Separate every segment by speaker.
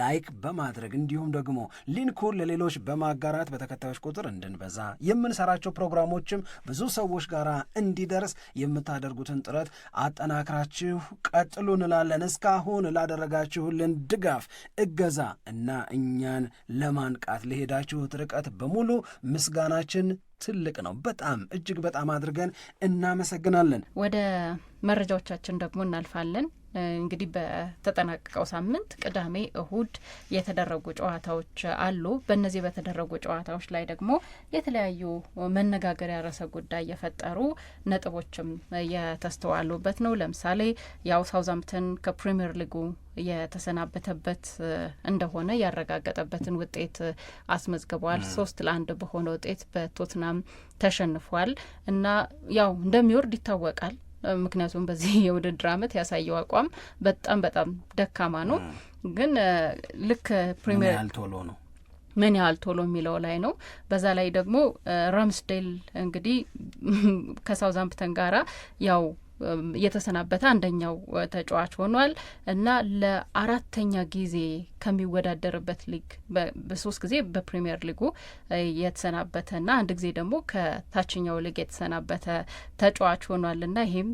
Speaker 1: ላይክ በማድረግ እንዲሁም ደግሞ ሊንኩን ለሌሎች በማጋራት በተከታዮች ቁጥር እንድንበዛ የምንሰራቸው ፕሮግራሞችም ብዙ ሰዎች ጋር እንዲደርስ የምታደርጉትን ጥረት አጠናክራችሁ ቀጥሉ እንላለን። እስካሁን ላደረጋችሁልን ድጋፍ፣ እገዛ እና እኛን ለማንቃት ለሄዳችሁት ርቀት በሙሉ ምስጋናችን ትልቅ ነው። በጣም እጅግ በጣም አድርገን እናመሰግናለን።
Speaker 2: ወደ መረጃዎቻችን ደግሞ እናልፋለን። እንግዲህ በተጠናቀቀው ሳምንት ቅዳሜ፣ እሁድ የተደረጉ ጨዋታዎች አሉ። በእነዚህ በተደረጉ ጨዋታዎች ላይ ደግሞ የተለያዩ መነጋገሪያ ርዕሰ ጉዳይ የፈጠሩ ነጥቦችም የተስተዋሉበት ነው። ለምሳሌ ያው ሳውዛምፕተን ከፕሪምየር ሊጉ የተሰናበተበት እንደሆነ ያረጋገጠበትን ውጤት አስመዝግቧል። ሶስት ለአንድ በሆነ ውጤት በቶትናም ተሸንፏል እና ያው እንደሚወርድ ይታወቃል ምክንያቱም በዚህ የውድድር አመት ያሳየው አቋም በጣም በጣም ደካማ ነው። ግን ልክ ፕሪሚየር ቶሎ ነው ምን ያህል ቶሎ የሚለው ላይ ነው። በዛ ላይ ደግሞ ራምስዴል እንግዲህ ከሳውዛምፕተን ጋራ ያው የተሰናበተ አንደኛው ተጫዋች ሆኗል እና ለአራተኛ ጊዜ ከሚወዳደርበት ሊግ በሶስት ጊዜ በፕሪሚየር ሊጉ የተሰናበተና አንድ ጊዜ ደግሞ ከታችኛው ሊግ የተሰናበተ ተጫዋች ሆኗል እና ይህም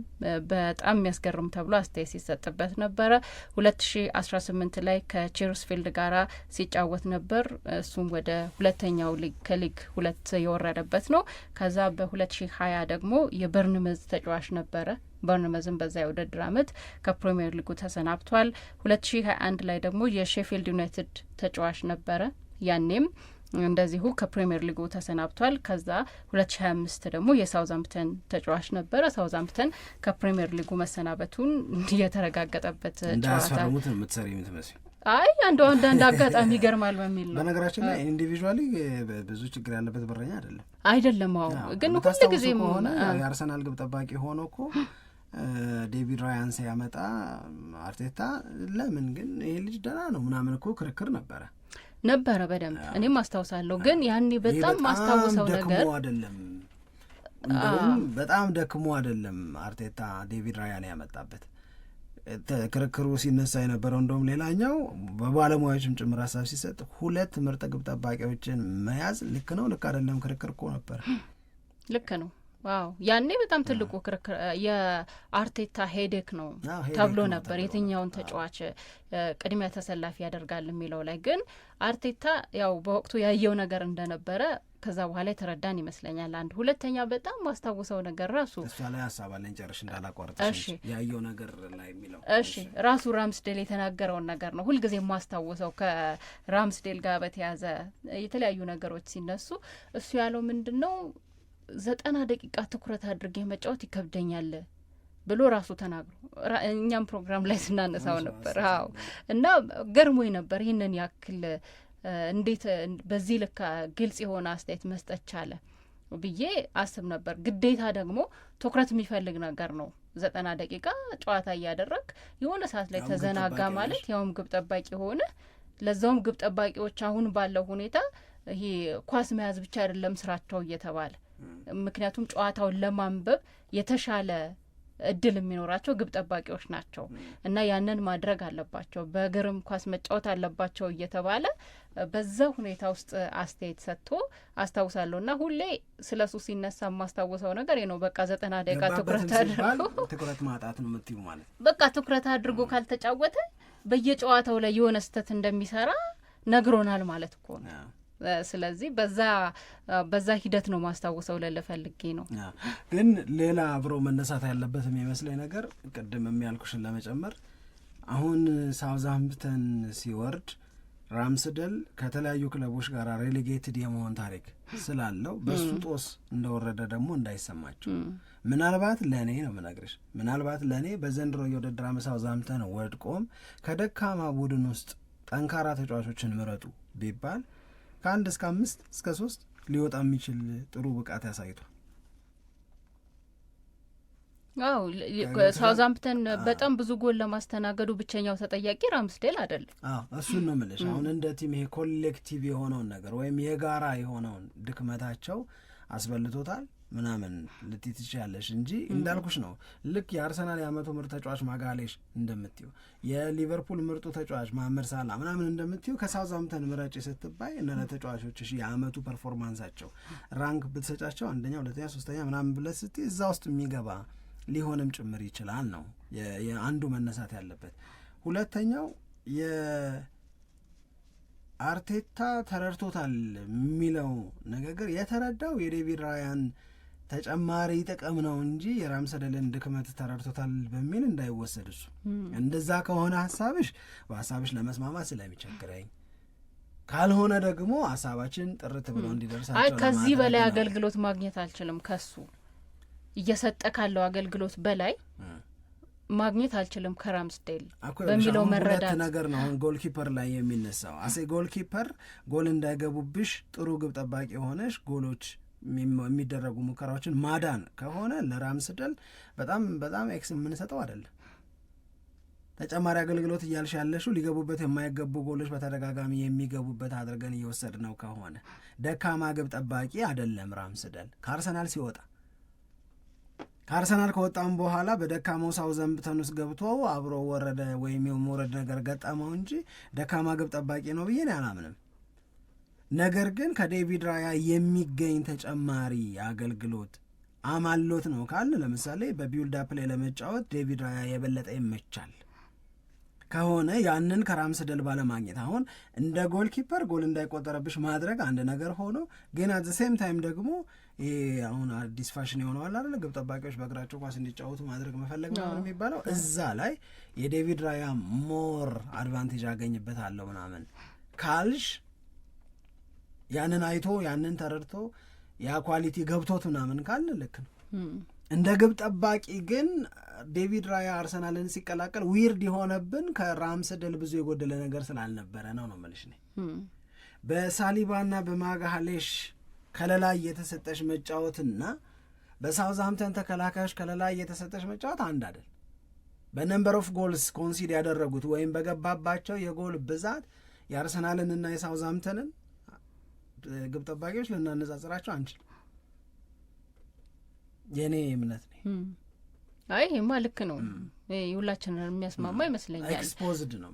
Speaker 2: በጣም የሚያስገርም ተብሎ አስተያየት ሲሰጥበት ነበረ። ሁለት ሺ አስራ ስምንት ላይ ከቼልስፊልድ ጋር ሲጫወት ነበር። እሱም ወደ ሁለተኛው ሊግ ከሊግ ሁለት የወረደበት ነው። ከዛ በሁለት ሺ ሀያ ደግሞ የበርንመዝ ተጫዋች ነበረ ቦርንመዝን በዛ የውድድር አመት ከፕሪምየር ሊጉ ተሰናብቷል። ሁለት ሺ ሀያ አንድ ላይ ደግሞ የሼፊልድ ዩናይትድ ተጫዋች ነበረ። ያኔም እንደዚሁ ከፕሪምየር ሊጉ ተሰናብቷል። ከዛ ሁለት ሺ ሀያ አምስት ደግሞ የሳውዛምፕተን ተጫዋች ነበረ። ሳውዛምፕተን ከፕሪምየር ሊጉ መሰናበቱን የተረጋገጠበት ጨዋታ አይ አንዱ አንዳንድ አጋጣሚ ይገርማል በሚል
Speaker 1: ነው። በነገራችን ላይ ኢንዲቪዥዋሊ ብዙ ችግር ያለበት በረኛ አይደለም
Speaker 2: አይደለም። አዎ ግን ሁልጊዜም ሆነ
Speaker 1: የአርሰናል ግብ ጠባቂ ሆኖ እኮ ዴቪድ ራያን ሲያመጣ አርቴታ ለምን ግን ይሄ ልጅ ደህና ነው ምናምን እኮ ክርክር ነበረ
Speaker 2: ነበረ በደንብ እኔም አስታውሳለሁ። ግን ያኔ በጣም ማስታውሰው ነገር አይደለም
Speaker 1: በጣም ደክሞ አይደለም አርቴታ ዴቪድ ራያን ያመጣበት ክርክሩ ሲነሳ የነበረው እንደውም ሌላኛው በባለሙያዎችም ጭምር ሀሳብ ሲሰጥ ሁለት ምርጥ ግብ ጠባቂዎችን መያዝ ልክ ነው ልክ አይደለም ክርክር እኮ ነበር።
Speaker 2: ልክ ነው ዋው ያኔ በጣም ትልቁ ክርክር የአርቴታ ሄዴክ ነው ተብሎ ነበር፣ የትኛውን ተጫዋች ቅድሚያ ተሰላፊ ያደርጋል የሚለው ላይ ግን አርቴታ ያው በወቅቱ ያየው ነገር እንደነበረ ከዛ በኋላ የተረዳን ይመስለኛል። አንድ ሁለተኛ በጣም ማስታውሰው ነገር ራሱ
Speaker 1: እሷ ላይ ሀሳብ አለኝ ጨርሽ እንዳላቋርጥ ያየው ነገር ላይ የሚለው
Speaker 2: እሺ፣ ራሱ ራምስዴል የተናገረውን ነገር ነው ሁልጊዜ ማስታውሰው። ከራምስዴል ጋር በተያዘ የተለያዩ ነገሮች ሲነሱ እሱ ያለው ምንድን ነው ዘጠና ደቂቃ ትኩረት አድርጌ መጫወት ይከብደኛል ብሎ ራሱ ተናግሮ እኛም ፕሮግራም ላይ ስናነሳው ነበር። አዎ እና ገርሞኝ ነበር ይህንን ያክል እንዴት በዚህ ልክ ግልጽ የሆነ አስተያየት መስጠት ቻለ ብዬ አስብ ነበር። ግዴታ ደግሞ ትኩረት የሚፈልግ ነገር ነው። ዘጠና ደቂቃ ጨዋታ እያደረግ የሆነ ሰዓት ላይ ተዘናጋ ማለት ያውም ግብ ጠባቂ ሆነ ለዛውም ግብ ጠባቂዎች አሁን ባለው ሁኔታ ይሄ ኳስ መያዝ ብቻ አይደለም ስራቸው እየተባለ ምክንያቱም ጨዋታውን ለማንበብ የተሻለ እድል የሚኖራቸው ግብ ጠባቂዎች ናቸው እና ያንን ማድረግ አለባቸው። በእግርም ኳስ መጫወት አለባቸው እየተባለ በዛ ሁኔታ ውስጥ አስተያየት ሰጥቶ አስታውሳለሁ እና ሁሌ ስለ እሱ ሲነሳ የማስታውሰው ነገር ነው። በቃ ዘጠና ደቂቃ ትኩረት አድርጎ
Speaker 1: ትኩረት ማጣት ነው ማለት
Speaker 2: በቃ ትኩረት አድርጎ ካልተጫወተ በየጨዋታው ላይ የሆነ ስህተት እንደሚሰራ ነግሮናል ማለት እኮ ነው። ስለዚህ በዛ በዛ ሂደት ነው ማስታወሰው ለልፈልጌ ነው።
Speaker 1: ግን ሌላ አብሮ መነሳት ያለበት የሚመስለኝ ነገር ቅድም የሚያልኩሽን ለመጨመር አሁን ሳውዝሃምፕተን ሲወርድ ራምስደል ከተለያዩ ክለቦች ጋር ሬሊጌትድ የመሆን ታሪክ ስላለው በሱ ጦስ እንደወረደ ደግሞ እንዳይሰማቸው ምናልባት ለእኔ ነው ምነግርሽ ምናልባት ለእኔ በዘንድሮ የውድድር ዓመት ሳውዝሃምፕተን ወድቆም ከደካማ ቡድን ውስጥ ጠንካራ ተጫዋቾችን ምረጡ ቢባል ከአንድ እስከ አምስት እስከ ሶስት ሊወጣ የሚችል ጥሩ ብቃት ያሳይቷል።
Speaker 2: አው ሳውዛምፕተን በጣም ብዙ ጎል ለማስተናገዱ ብቸኛው ተጠያቂ ራምስዴል አይደለም።
Speaker 1: እሱን ነው የምልሽ። አሁን እንደ ቲም ይሄ ኮሌክቲቭ የሆነውን ነገር ወይም የጋራ የሆነውን ድክመታቸው አስበልቶታል። ምናምን ልትይ ትችያለሽ እንጂ እንዳልኩሽ ነው። ልክ የአርሰናል የአመቱ ምርጥ ተጫዋች ማጋሌሽ እንደምትዩ፣ የሊቨርፑል ምርጡ ተጫዋች ማመር ሳላ ምናምን እንደምትዩ ከሳውዛምተን ምረጭ ስትባይ እነ ተጫዋቾች የአመቱ ፐርፎርማንሳቸው ራንክ ብትሰጫቸው አንደኛ፣ ሁለተኛ፣ ሶስተኛ ምናምን ብለት ስት እዛ ውስጥ የሚገባ ሊሆንም ጭምር ይችላል ነው አንዱ መነሳት ያለበት። ሁለተኛው የአርቴታ ተረድቶታል የሚለው ንግግር የተረዳው የዴቪድ ራያን ተጨማሪ ጥቅም ነው እንጂ የራምስደልን ድክመት ተረድቶታል በሚል እንዳይወሰድ እሱ እንደዛ ከሆነ ሀሳብሽ በሀሳብሽ ለመስማማት ስለሚቸግረኝ ካልሆነ ደግሞ ሀሳባችን ጥርት ብሎ እንዲደርሳቸው
Speaker 2: ከዚህ በላይ አገልግሎት ማግኘት አልችልም። ከሱ እየሰጠ ካለው አገልግሎት በላይ ማግኘት አልችልም ከራምስዴል
Speaker 1: በሚለው መረዳት ነገር ነው። አሁን ጎልኪፐር ላይ የሚነሳው አሴ ጎልኪፐር ጎል እንዳይገቡብሽ ጥሩ ግብ ጠባቂ የሆነሽ ጎሎች የሚደረጉ ሙከራዎችን ማዳን ከሆነ ለራምስደል በጣም በጣም ኤክስ የምንሰጠው አይደለም። ተጨማሪ አገልግሎት እያልሽ ያለሽው ሊገቡበት የማይገቡ ጎሎች በተደጋጋሚ የሚገቡበት አድርገን እየወሰድ ነው ከሆነ ደካማ ግብ ጠባቂ አይደለም። ራምስደል ከአርሰናል ሲወጣ ከአርሰናል ከወጣም በኋላ በደካማው ሳውዘምፕተን ውስጥ ገብቶ አብሮ ወረደ ወይም የመውረድ ነገር ገጠመው እንጂ ደካማ ግብ ጠባቂ ነው ብዬ አላምንም። ነገር ግን ከዴቪድ ራያ የሚገኝ ተጨማሪ አገልግሎት አማሎት ነው ካል ለምሳሌ በቢውልድ አፕ ላይ ለመጫወት ዴቪድ ራያ የበለጠ ይመቻል ከሆነ ያንን ከራምስ ደል ባለማግኘት አሁን እንደ ጎል ኪፐር ጎል እንዳይቆጠረብሽ ማድረግ አንድ ነገር ሆኖ ግን አት ሴም ታይም ደግሞ አሁን አዲስ ፋሽን የሆነዋል አለ ግብ ጠባቂዎች በእግራቸው ኳስ እንዲጫወቱ ማድረግ መፈለግ ነው የሚባለው እዛ ላይ የዴቪድ ራያ ሞር አድቫንቴጅ አገኝበት አለው ምናምን ካልሽ ያንን አይቶ ያንን ተረድቶ ያ ኳሊቲ ገብቶት ምናምን ካል ልክ ነው። እንደ ግብ ጠባቂ ግን ዴቪድ ራያ አርሰናልን ሲቀላቀል ዊርድ የሆነብን ከራምስ ድል ብዙ የጎደለ ነገር ስላልነበረ ነው ነው መልሽ ነ በሳሊባና በማጋሌሽ ከለላ እየተሰጠሽ መጫወትና በሳውዝሃምተን ተከላካዮች ከለላ እየተሰጠሽ መጫወት አንድ አይደል። በነምበር ኦፍ ጎልስ ኮንሲድ ያደረጉት ወይም በገባባቸው የጎል ብዛት የአርሰናልንና የሳውዝሃምተንን ግብ ጠባቂዎች ልናነጻጽራቸው አንችልም። የእኔ እምነት
Speaker 2: ነ አይ ይሄማ ልክ ነው። ሁላችንን የሚያስማማ ይመስለኛል።
Speaker 1: ኤክስፖዝድ ነው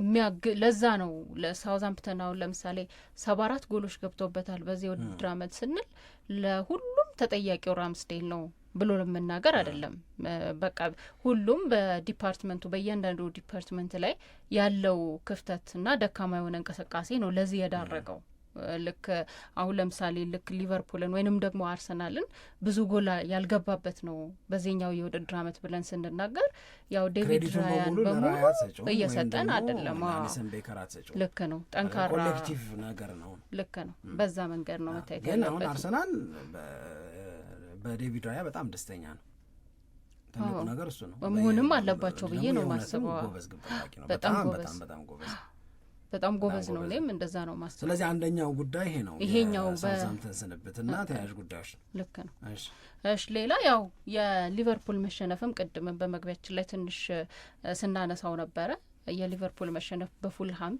Speaker 2: የሚያግ ለዛ ነው ለሳውዛምፕተን አሁን ለምሳሌ ሰባ አራት ጎሎች ገብቶበታል በዚህ ውድድር አመት ስንል ለሁሉም ተጠያቂው ራምስዴል ነው ብሎ ለመናገር አይደለም። በቃ ሁሉም በዲፓርትመንቱ በእያንዳንዱ ዲፓርትመንት ላይ ያለው ክፍተትና ደካማ የሆነ እንቅስቃሴ ነው ለዚህ የዳረገው። ልክ አሁን ለምሳሌ ልክ ሊቨርፑልን ወይንም ደግሞ አርሰናልን ብዙ ጎላ ያልገባበት ነው በዚህኛው የውድድር አመት ብለን ስንናገር ያው ዴቪድ ራያን በሙሉ እየሰጠን አይደለም። ልክ ነው፣
Speaker 1: ጠንካራ ኮሌክቲቭ ነገር ነው።
Speaker 2: ልክ ነው፣ በዛ መንገድ ነው መታየት
Speaker 1: ያለበት። አሁን አርሰናል በዴቪድ ራያ በጣም ደስተኛ ነው። ትልቁ ነገር እሱ ነው።
Speaker 2: መሆንም አለባቸው ብዬ ነው ማስበዋ።
Speaker 1: በጣም በጣም በጣም ጎበዝ
Speaker 2: በጣም ጎበዝ ነው። እኔም እንደዛ ነው ማስ
Speaker 1: ስለዚህ አንደኛው ጉዳይ ይሄ ነው። ይሄኛው በሳምንትን ስንብት እና ተያያዥ ጉዳዮች
Speaker 2: ልክ ነው። እሺ ሌላ ያው የሊቨርፑል መሸነፍም ቅድም በመግቢያችን ላይ ትንሽ ስናነሳው ነበረ። የሊቨርፑል መሸነፍ በፉልሃም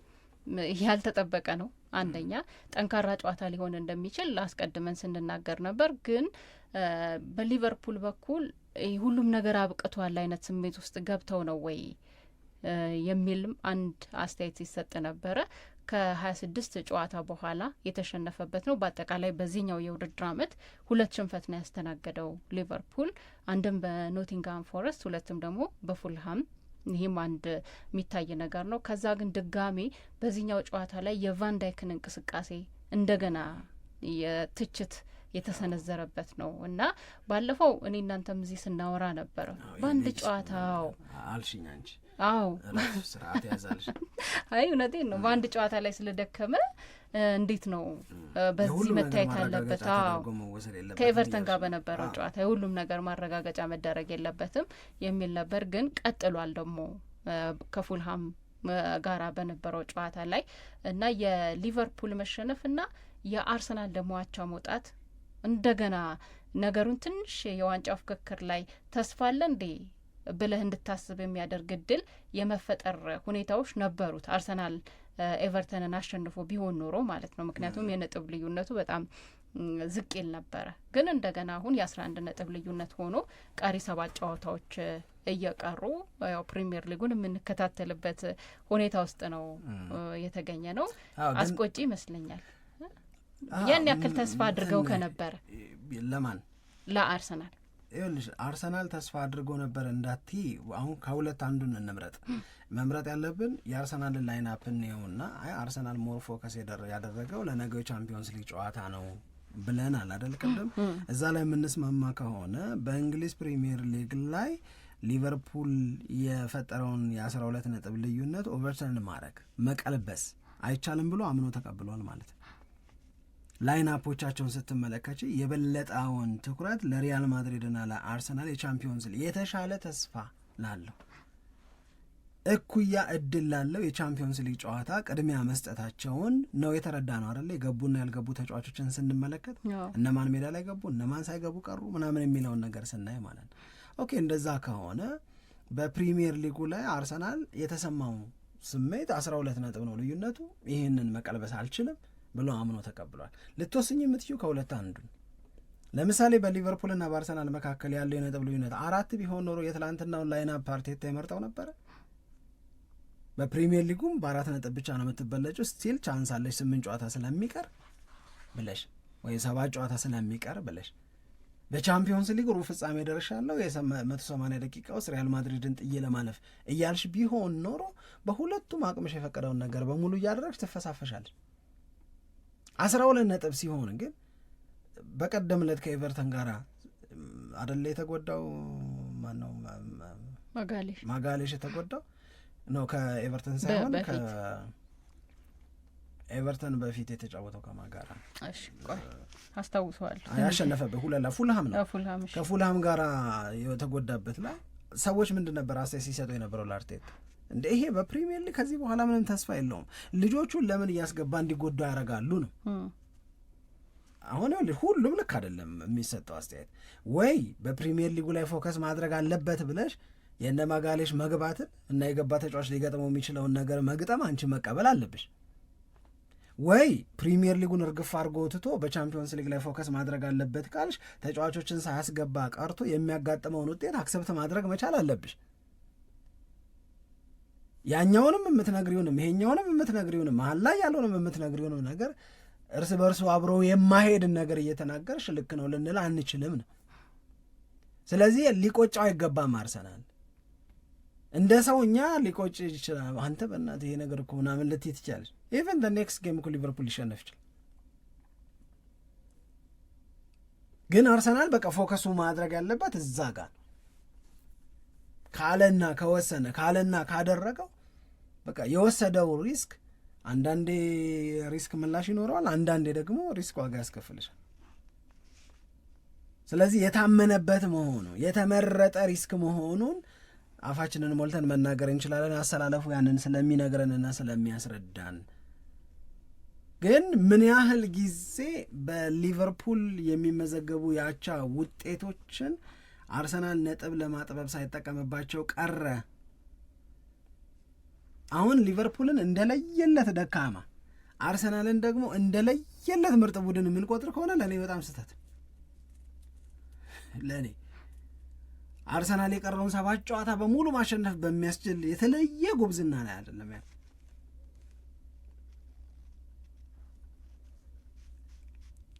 Speaker 2: ያልተጠበቀ ነው። አንደኛ ጠንካራ ጨዋታ ሊሆን እንደሚችል አስቀድመን ስንናገር ነበር። ግን በሊቨርፑል በኩል ሁሉም ነገር አብቅቷል አይነት ስሜት ውስጥ ገብተው ነው ወይ የሚልም አንድ አስተያየት ሲሰጥ ነበረ። ከሀያ ስድስት ጨዋታ በኋላ የተሸነፈበት ነው። በአጠቃላይ በዚህኛው የውድድር አመት ሁለት ሽንፈት ነው ያስተናገደው ሊቨርፑል አንድም በኖቲንግሃም ፎረስት ሁለትም ደግሞ በፉልሃም። ይህም አንድ የሚታይ ነገር ነው። ከዛ ግን ድጋሜ በዚህኛው ጨዋታ ላይ የቫንዳይክን እንቅስቃሴ እንደገና የትችት የተሰነዘረበት ነው እና ባለፈው እኔ እናንተም እዚህ ስናወራ ነበረ በአንድ ጨዋታው አልሽኛ እንጂ አዎ ስርዓት ያዛልሽ። አይ እውነቴን ነው። በአንድ ጨዋታ ላይ ስለደከመ እንዴት ነው በዚህ መታየት አለበት። ከኤቨርተን ጋር በነበረው ጨዋታ የሁሉም ነገር ማረጋገጫ መደረግ የለበትም የሚል ነበር። ግን ቀጥሏል ደግሞ ከፉልሃም ጋራ በነበረው ጨዋታ ላይ እና የሊቨርፑል መሸነፍ እና የአርሰናል ደግሞ አቻ መውጣት እንደገና ነገሩን ትንሽ የዋንጫው ፍክክር ላይ ተስፋ አለ እንዴ ብለህ እንድታስብ የሚያደርግ እድል የመፈጠር ሁኔታዎች ነበሩት። አርሰናል ኤቨርተንን አሸንፎ ቢሆን ኖሮ ማለት ነው። ምክንያቱም የነጥብ ልዩነቱ በጣም ዝቅ ይል ነበረ። ግን እንደገና አሁን የአስራ አንድ ነጥብ ልዩነት ሆኖ ቀሪ ሰባት ጨዋታዎች እየቀሩ ያው ፕሪሚየር ሊጉን የምንከታተልበት ሁኔታ ውስጥ ነው የተገኘ ነው። አስቆጪ ይመስለኛል። ያን ያክል ተስፋ አድርገው ከነበረ ለማን ለአርሰናል
Speaker 1: ይኸውልሽ አርሰናል ተስፋ አድርጎ ነበር እንዳቲ አሁን ከሁለት አንዱን እንምረጥ። መምረጥ ያለብን የአርሰናልን ላይናፕን ይኸውና፣ አይ አርሰናል ሞር ፎከስ ያደረገው ለነገው ቻምፒዮንስ ሊግ ጨዋታ ነው ብለናል አይደል? ቅድም እዛ ላይ የምንስማማ ከሆነ በእንግሊዝ ፕሪሚየር ሊግ ላይ ሊቨርፑል የፈጠረውን የአስራ ሁለት ነጥብ ልዩነት ኦቨርተርን ማድረግ መቀልበስ አይቻልም ብሎ አምኖ ተቀብሏል ማለት ነው። ላይናፖቻቸውን ስትመለከች የበለጠውን ትኩረት ለሪያል ማድሪድና ለአርሰናል የቻምፒዮንስ ሊግ የተሻለ ተስፋ ላለው እኩያ እድል ላለው የቻምፒዮንስ ሊግ ጨዋታ ቅድሚያ መስጠታቸውን ነው የተረዳ ነው አደለ? የገቡና ያልገቡ ተጫዋቾችን ስንመለከት እነማን ሜዳ ላይ ገቡ እነማን ሳይገቡ ቀሩ ምናምን የሚለውን ነገር ስናይ ማለት ነው። ኦኬ እንደዛ ከሆነ በፕሪሚየር ሊጉ ላይ አርሰናል የተሰማው ስሜት አስራ ሁለት ነጥብ ነው ልዩነቱ። ይህንን መቀልበስ አልችልም ብሎ አምኖ ተቀብሏል። ልትወስኝ የምትችው ከሁለት አንዱን ለምሳሌ በሊቨርፑልና በአርሰናል መካከል ያለው የነጥብ ልዩነት አራት ቢሆን ኖሮ የትላንትናውን ላይና አርቴታ የመርጠው ነበረ። በፕሪሚየር ሊጉም በአራት ነጥብ ብቻ ነው የምትበለጭው። ስቲል ቻንስ አለሽ ስምንት ጨዋታ ስለሚቀር ብለሽ ወይ ሰባት ጨዋታ ስለሚቀር ብለሽ በቻምፒዮንስ ሊግ ሩብ ፍጻሜ ደርሻ ያለው የመቶ ሰማንያ ደቂቃ ውስጥ ሪያል ማድሪድን ጥዬ ለማለፍ እያልሽ ቢሆን ኖሮ በሁለቱም አቅምሽ የፈቀደውን ነገር በሙሉ እያደረግሽ ትፈሳፈሻለች። አስራ ሁለት ነጥብ ሲሆን ግን በቀደም ዕለት ከኤቨርተን ጋር አደለ የተጎዳው ማነው ማጋሌሽ የተጎዳው ነው ከኤቨርተን ሳይሆን ኤቨርተን በፊት የተጫወተው ከማጋራ አስታውሰዋል ያሸነፈበት ሁለላ ፉልሃም ነው። ከፉልሃም ጋራ የተጎዳበት ላይ ሰዎች ምንድን ነበር አስተያየት ሲሰጡ የነበረው ለአርቴታ እንደ ይሄ በፕሪሚየር ሊግ ከዚህ በኋላ ምንም ተስፋ የለውም። ልጆቹን ለምን እያስገባ እንዲጎዳ ያደርጋሉ ነው አሁን ሁሉም ልክ አይደለም የሚሰጠው አስተያየት። ወይ በፕሪሚየር ሊጉ ላይ ፎከስ ማድረግ አለበት ብለሽ የእነ ማጋሌሽ መግባትን እና የገባ ተጫዋች ሊገጥመው የሚችለውን ነገር መግጠም አንቺ መቀበል አለብሽ። ወይ ፕሪሚየር ሊጉን እርግፍ አድርጎ ትቶ በቻምፒዮንስ ሊግ ላይ ፎከስ ማድረግ አለበት ካልሽ ተጫዋቾችን ሳያስገባ ቀርቶ የሚያጋጥመውን ውጤት አክሰብት ማድረግ መቻል አለብሽ። ያኛውንም የምትነግሪውንም ይሄኛውንም የምትነግሪውንም መሀል ላይ ያለውንም የምትነግሪውንም ነገር እርስ በእርሱ አብሮ የማሄድ ነገር እየተናገርሽ ልክ ነው ልንል አንችልም ነው። ስለዚህ ሊቆጫው አይገባም አርሰናል እንደ ሰው እኛ ሊቆጭ ይችላል። አንተ በእናትህ ይሄ ነገር እኮ ምናምን ልትይ ትችላለች። ኢቨን ኔክስት ጌም እኮ ሊቨርፑል ሊሸነፍ ይችላል። ግን አርሰናል በቃ ፎከሱ ማድረግ ያለበት እዛ ጋር ነው። ካለና ከወሰነ ካለና ካደረገው በቃ የወሰደው ሪስክ አንዳንዴ ሪስክ ምላሽ ይኖረዋል፣ አንዳንዴ ደግሞ ሪስክ ዋጋ ያስከፍልሻል። ስለዚህ የታመነበት መሆኑ የተመረጠ ሪስክ መሆኑን አፋችንን ሞልተን መናገር እንችላለን። አሰላለፉ ያንን ስለሚነግረንና ስለሚያስረዳን ግን ምን ያህል ጊዜ በሊቨርፑል የሚመዘገቡ የአቻ ውጤቶችን አርሰናል ነጥብ ለማጥበብ ሳይጠቀምባቸው ቀረ። አሁን ሊቨርፑልን እንደለየለት ደካማ አርሰናልን ደግሞ እንደለየለት ምርጥ ቡድን የምንቆጥር ከሆነ ለእኔ በጣም ስህተት ለእኔ አርሰናል የቀረውን ሰባት ጨዋታ በሙሉ ማሸነፍ በሚያስችል የተለየ ጉብዝና ላይ አይደለም ያለ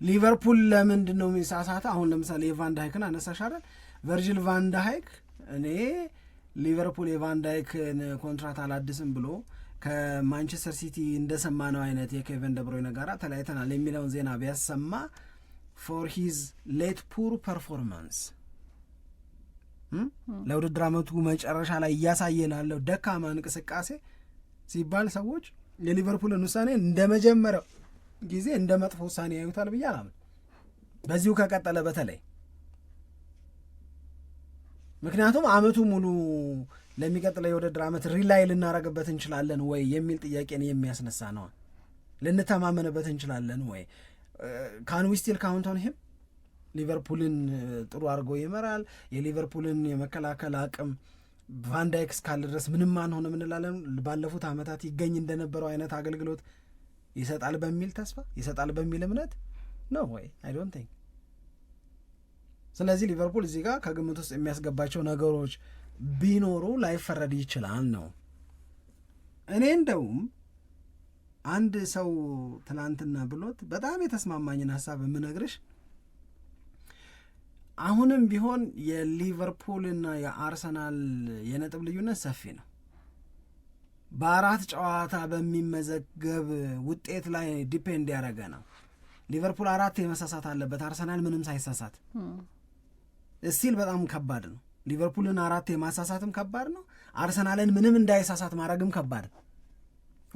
Speaker 1: ሊቨርፑል ለምንድን ነው የሚሳሳተ? አሁን ለምሳሌ የቫንዳይክን ዳይክን ቨርጅል ቫንዳሃይክ እኔ ሊቨርፑል የቫንዳይክን ኮንትራት አላድስም ብሎ ከማንቸስተር ሲቲ እንደሰማነው አይነት የኬቨን ደብሮይነ ጋራ ተለያይተናል የሚለውን ዜና ቢያሰማ ፎር ሂዝ ሌት ፑር ፐርፎርማንስ ለውድድር አመቱ መጨረሻ ላይ እያሳየ ላለው ደካማ እንቅስቃሴ ሲባል ሰዎች የሊቨርፑልን ውሳኔ እንደ መጀመሪያው ጊዜ እንደ መጥፎ ውሳኔ ያዩታል ብዬ አላምን። በዚሁ ከቀጠለ በተለይ ምክንያቱም አመቱ ሙሉ ለሚቀጥለው የውድድር ዓመት ሪላይ ልናረግበት እንችላለን ወይ የሚል ጥያቄን የሚያስነሳ ነው። ልንተማመንበት እንችላለን ወይ? ካን ዊ ስቲል ካውንት ኦን ሂም? ሊቨርፑልን ጥሩ አድርጎ ይመራል። የሊቨርፑልን የመከላከል አቅም ቫንዳይክ እስካለ ድረስ ምንም አንሆንም እንላለን። ባለፉት አመታት ይገኝ እንደነበረው አይነት አገልግሎት ይሰጣል በሚል ተስፋ ይሰጣል በሚል እምነት ነው ወይ? አይ ዶንት ቲንክ ስለዚህ ሊቨርፑል እዚህ ጋር ከግምት ውስጥ የሚያስገባቸው ነገሮች ቢኖሩ ላይፈረድ ይችላል ነው። እኔ እንደውም አንድ ሰው ትናንትና ብሎት በጣም የተስማማኝን ሀሳብ የምነግርሽ አሁንም ቢሆን የሊቨርፑልና የአርሰናል የነጥብ ልዩነት ሰፊ ነው። በአራት ጨዋታ በሚመዘገብ ውጤት ላይ ዲፔንድ ያደረገ ነው። ሊቨርፑል አራት የመሳሳት አለበት፣ አርሰናል ምንም ሳይሳሳት ስቲል በጣም ከባድ ነው። ሊቨርፑልን አራት የማሳሳትም ከባድ ነው። አርሰናልን ምንም እንዳይሳሳት ማድረግም ከባድ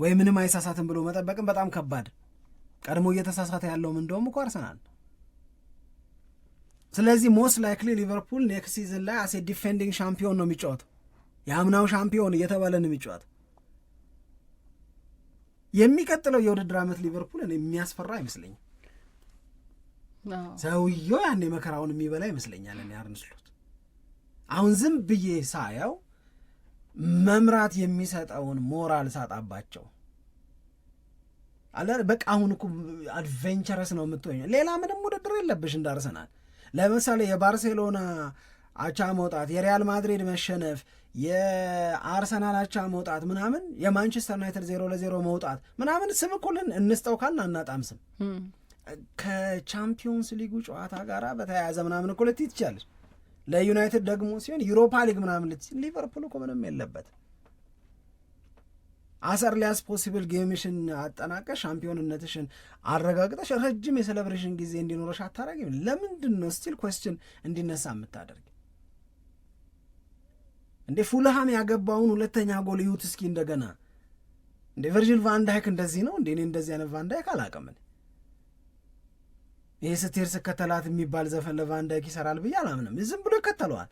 Speaker 1: ወይ ምንም አይሳሳትም ብሎ መጠበቅም በጣም ከባድ። ቀድሞ እየተሳሳተ ያለውም እንደውም እኮ አርሰናል። ስለዚህ ሞስት ላይክሊ ሊቨርፑል ኔክስት ሲዝን ላይ አሴ ዲፌንዲንግ ሻምፒዮን ነው የሚጫወተው። የአምናው ሻምፒዮን እየተባለ ነው የሚጫወተው። የሚቀጥለው የውድድር ዓመት ሊቨርፑል የሚያስፈራ አይመስለኝም። ሰውየው ያን የመከራውን የሚበላ ይመስለኛል። እኔ አርን ስሎት አሁን ዝም ብዬ ሳየው መምራት የሚሰጠውን ሞራል ሳጣባቸው አለ በቃ አሁን እኮ አድቬንቸረስ ነው የምትሆኝ። ሌላ ምንም ውድድር የለብሽ እንዳርሰናል ለምሳሌ የባርሴሎና አቻ መውጣት፣ የሪያል ማድሪድ መሸነፍ፣ የአርሰናል አቻ መውጣት ምናምን የማንቸስተር ዩናይትድ ዜሮ ለዜሮ መውጣት ምናምን ስም እኩልን እንስጠው ካልን አናጣም ስም ከቻምፒዮንስ ሊጉ ጨዋታ ጋር በተያያዘ ምናምን እኮ ልትይ ትችላለች። ለዩናይትድ ደግሞ ሲሆን ዩሮፓ ሊግ ምናምን ልትይ ሊቨርፑል እኮ ምንም የለበት አሰር ሊያስ ፖሲብል ጌምሽን አጠናቀ ሻምፒዮንነትሽን አረጋግጠሽ ረጅም የሴሌብሬሽን ጊዜ እንዲኖረሽ አታረጊም። ለምንድን ነው ስቲል ኮስችን እንዲነሳ የምታደርግ እንዴ? ፉልሃም ያገባውን ሁለተኛ ጎል እዩት እስኪ እንደገና። እንደ ቨርጂል ቫንዳይክ እንደዚህ ነው እንዴ? እኔ እንደዚህ አይነት ቫንዳይክ አላውቅም። ይሄ ስትሄድ ስከተላት የሚባል ዘፈን ለቫንዳይክ ይሰራል ብዬ አላምንም። ዝም ብሎ ይከተለዋል።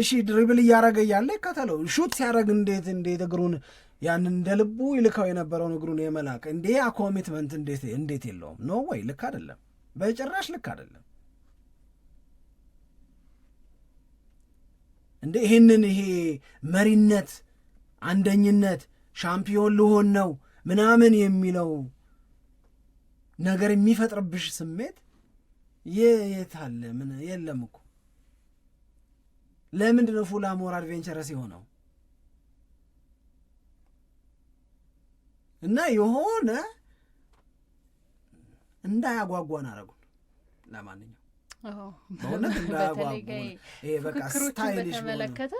Speaker 1: እሺ ድሪብል እያረገ እያለ ይከተለው። ሹት ሲያደረግ እንዴት እንዴት እግሩን ያን እንደ ልቡ ይልካው የነበረውን እግሩን የመላቅ እንዴ አኮሚትመንት እንዴት የለውም? ኖ ወይ ልክ አይደለም፣ በጭራሽ ልክ አይደለም። እንደ ይህንን ይሄ መሪነት፣ አንደኝነት፣ ሻምፒዮን ልሆን ነው ምናምን የሚለው ነገር የሚፈጥርብሽ ስሜት የት አለ? ምን የለም እኮ ለምንድን ነው ፉላ ሞር አድቬንቸረስ የሆነው? እና የሆነ እንዳያጓጓን አረጉን። ለማንኛውም
Speaker 2: በተመለከተ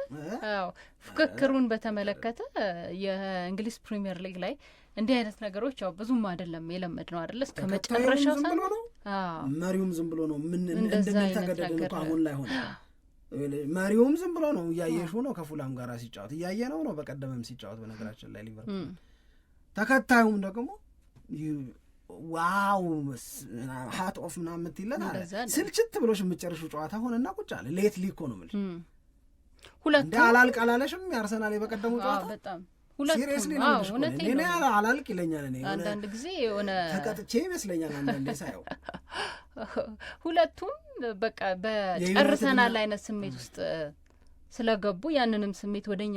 Speaker 2: ፍክክሩን በተመለከተ የእንግሊዝ ፕሪሚየር ሊግ ላይ እንዲህ አይነት ነገሮች ያው ብዙም አይደለም የለመድ ነው አደለ እስከ
Speaker 1: መጨረሻው ሳ መሪውም ዝም ብሎ ነው ምን እንደሚተገደድ አሁን ላይ ሆነ መሪውም ዝም ብሎ ነው እያየሹ ነው ከፉላም ጋር ሲጫወት እያየ ነው ነው በቀደምም ሲጫወት በነገራችን ላይ ሊቨርፑል ተከታዩም ደግሞ ዋው ሀት ኦፍ ምና የምትይለት አለ ስልችት ብሎሽ የምጨርሹ ጨዋታ ሆነና ቁጭ አለ ሌት ሊኮ ነው ምል ሁለት አላልቅ አላለሽም የአርሰናል የበቀደሙ ጨዋታ ሲሪየስሊ ነው አላልቅ ይለኛል። እኔ አንዳንድ ጊዜ የሆነ ተቀጥቼ ይመስለኛል አንዳንዴ ሳየው
Speaker 2: ሁለቱም በቃ በጨርሰናል አይነት ስሜት ውስጥ ስለገቡ ያንንም ስሜት ወደ እኛ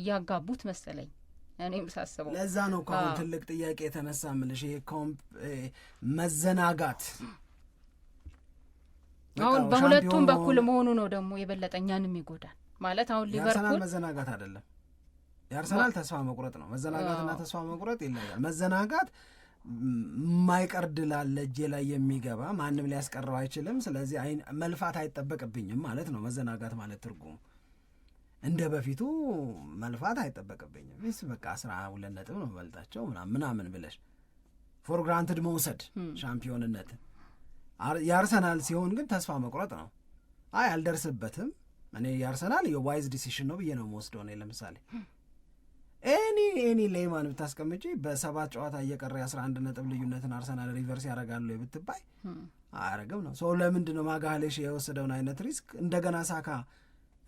Speaker 2: እያጋቡት መሰለኝ እኔም ሳስበው።
Speaker 1: ለዛ ነው እኮ ትልቅ ጥያቄ የተነሳ ምልሽ ይሄ መዘናጋት
Speaker 2: አሁን በሁለቱም በኩል መሆኑ ነው ደግሞ የበለጠ እኛንም ይጎዳል ማለት አሁን ሊቨርፑል
Speaker 1: መዘናጋት አይደለም የአርሰናል ተስፋ መቁረጥ ነው። መዘናጋትና ተስፋ መቁረጥ ይለያል። መዘናጋት የማይቀር ድል እጄ ላይ የሚገባ ማንም ሊያስቀረው አይችልም። ስለዚህ መልፋት አይጠበቅብኝም ማለት ነው መዘናጋት ማለት ትርጉሙ እንደ በፊቱ መልፋት አይጠበቅብኝም። ስ በቃ አስራ ሁለት ነጥብ ነው በልጣቸው ምናምን ብለሽ ፎር ግራንትድ መውሰድ ሻምፒዮንነትን። የአርሰናል ሲሆን ግን ተስፋ መቁረጥ ነው። አይ አልደርስበትም። እኔ የአርሰናል የዋይዝ ዲሲሽን ነው ብዬ ነው መወስደው። እኔ ለምሳሌ ኤኒ ኤኒ ሌማን ብታስቀምጪ በሰባት ጨዋታ እየቀረ የአስራ አንድ ነጥብ ልዩነትን አርሰናል ሪቨርስ ያደርጋሉ ብትባይ አያረግም ነው ሰው ለምንድን ነው ማጋሌሽ የወሰደውን አይነት ሪስክ እንደገና ሳካ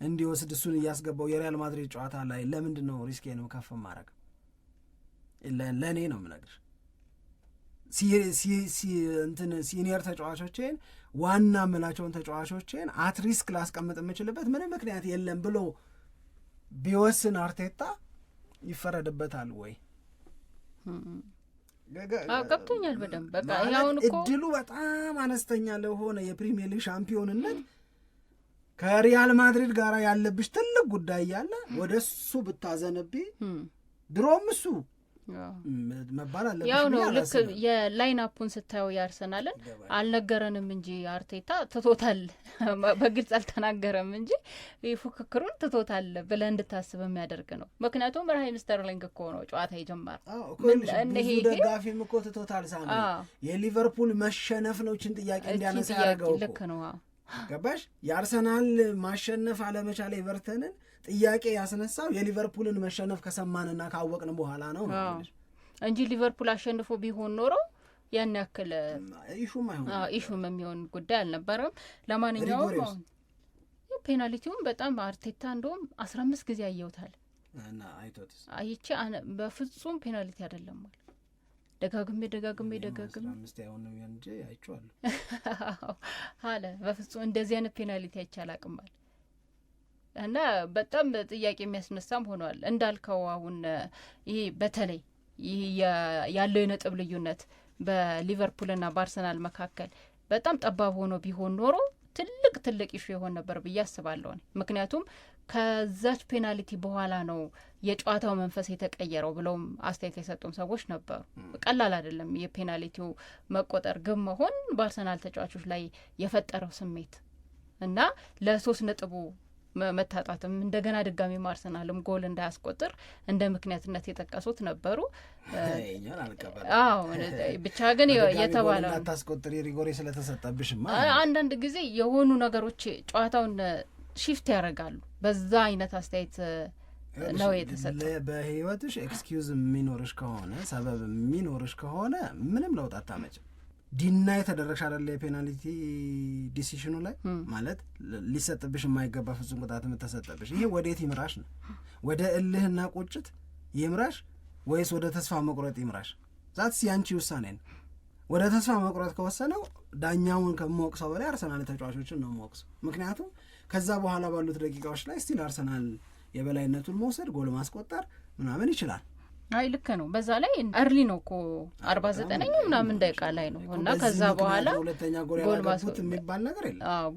Speaker 1: እንዲወስድ እሱን እያስገባው የሪያል ማድሪድ ጨዋታ ላይ ለምንድን ነው ሪስኬንም ከፍ ማድረግ ለእኔ ነው የምነግርሽ ሲኒየር ተጫዋቾቼን ዋና ምላቸውን ተጫዋቾቼን አት ሪስክ ላስቀምጥ የምችልበት ምንም ምክንያት የለም ብሎ ቢወስን አርቴታ ይፈረድበታል ወይ?
Speaker 2: ገብቶኛል በደንብ በቃ
Speaker 1: እድሉ በጣም አነስተኛ ለሆነ የፕሪሚየር ሊግ ሻምፒዮንነት ከሪያል ማድሪድ ጋር ያለብሽ ትልቅ ጉዳይ እያለ ወደ እሱ ብታዘንብ ድሮም እሱ
Speaker 2: መባል አለበት። ያው ነው ልክ የላይን አፑን ስታየው ያርሰናልን አልነገረንም እንጂ አርቴታ ትቶታል፣ በግልጽ አልተናገረም እንጂ ፉክክሩን ትቶታል ብለ እንድታስብ የሚያደርግ ነው። ምክንያቱም ራሂም ስተርሊንግ እኮ ነው ጨዋታ የጀመረው።
Speaker 1: ብዙ ደጋፊም እኮ ትቶታል። ሳ የሊቨርፑል መሸነፍ ነው ችን ጥያቄ እንዲያነሳ
Speaker 2: ያደርገው ልክ ነው
Speaker 1: ገባሽ። የአርሰናል ማሸነፍ አለመቻል ኤቨርተንን ጥያቄ ያስነሳው የሊቨርፑልን መሸነፍ ከሰማንና ካወቅን በኋላ ነው
Speaker 2: እንጂ ሊቨርፑል አሸንፎ ቢሆን ኖረው ያን ያክል ኢሹም የሚሆን ጉዳይ አልነበረም። ለማንኛውም ፔናልቲውም በጣም አርቴታ እንደውም አስራ አምስት ጊዜ አየውታል አይቼ በፍጹም ፔናልቲ አይደለም አለ ደጋግሜ ደጋግሜ ደጋግሜ አለ በፍጹም እንደዚህ አይነት ፔናልቲ አይቻል አቅም አለ እና በጣም ጥያቄ የሚያስነሳም ሆኗል። እንዳልከው አሁን ይሄ በተለይ ይህ ያለው የነጥብ ልዩነት በሊቨርፑልና በአርሰናል መካከል በጣም ጠባብ ሆኖ ቢሆን ኖሮ ትልቅ ትልቅ ይሹ የሆን ነበር ብዬ አስባለሁ። ምክንያቱም ከዛች ፔናልቲ በኋላ ነው የጨዋታው መንፈስ የተቀየረው ብለውም አስተያየት የሰጡም ሰዎች ነበሩ። ቀላል አይደለም የፔናልቲው መቆጠር፣ ግብ መሆን በአርሰናል ተጫዋቾች ላይ የፈጠረው ስሜት እና ለሶስት ነጥቡ መታጣትም እንደገና ድጋሚ ማርሰናልም ጎል እንዳያስቆጥር እንደ ምክንያትነት የጠቀሱት ነበሩ። ብቻ ግን የተባለው
Speaker 1: ታስቆጥር ሪጎሬ ስለተሰጠብሽ
Speaker 2: አንዳንድ ጊዜ የሆኑ ነገሮች ጨዋታውን ሺፍት ያደርጋሉ። በዛ አይነት አስተያየት ነው የተሰጠው።
Speaker 1: በህይወትሽ ኤክስኪውዝ የሚኖርሽ ከሆነ ሰበብ የሚኖርሽ ከሆነ ምንም ለውጥ አታመጭም። ዲናይ ተደረግሽ አደለ የፔናልቲ ዲሲሽኑ ላይ ማለት ሊሰጥብሽ የማይገባ ፍጹም ቅጣት የምተሰጠብሽ ይሄ ወዴት ይምራሽ ነው? ወደ እልህና ቁጭት ይምራሽ ወይስ ወደ ተስፋ መቁረጥ ይምራሽ? ዛትስ ያንቺ ውሳኔ ነው። ወደ ተስፋ መቁረጥ ከወሰነው ዳኛውን ከምወቅሰው በላይ አርሰናል ተጫዋቾችን ነው መወቅሰው። ምክንያቱም ከዛ በኋላ ባሉት ደቂቃዎች ላይ ስቲል አርሰናል የበላይነቱን መውሰድ፣ ጎል ማስቆጠር ምናምን ይችላል
Speaker 2: አይ ልክ ነው። በዛ ላይ አርሊ ነው እኮ አርባ ዘጠነኛ ምናምን ደቂቃ ላይ ነው እና ከዛ በኋላ
Speaker 1: የሚባል ነገር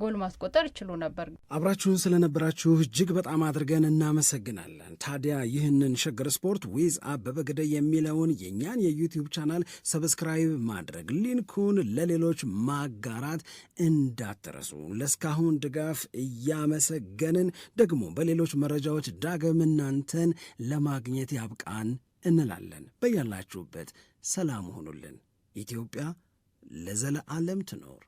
Speaker 2: ጎል ማስቆጠር ችሎ ነበር።
Speaker 1: አብራችሁን ስለነበራችሁ እጅግ በጣም አድርገን እናመሰግናለን። ታዲያ ይህንን ሸገር ስፖርት ዊዝ አበበ ግደይ የሚለውን የእኛን የዩቲዩብ ቻናል ሰብስክራይብ ማድረግ፣ ሊንኩን ለሌሎች ማጋራት እንዳትረሱ። ለእስካሁን ድጋፍ እያመሰገንን ደግሞ በሌሎች መረጃዎች ዳግም እናንተን ለማግኘት ያብቃን እንላለን። በያላችሁበት ሰላም ሆኑልን። ኢትዮጵያ ለዘለዓለም ትኖር።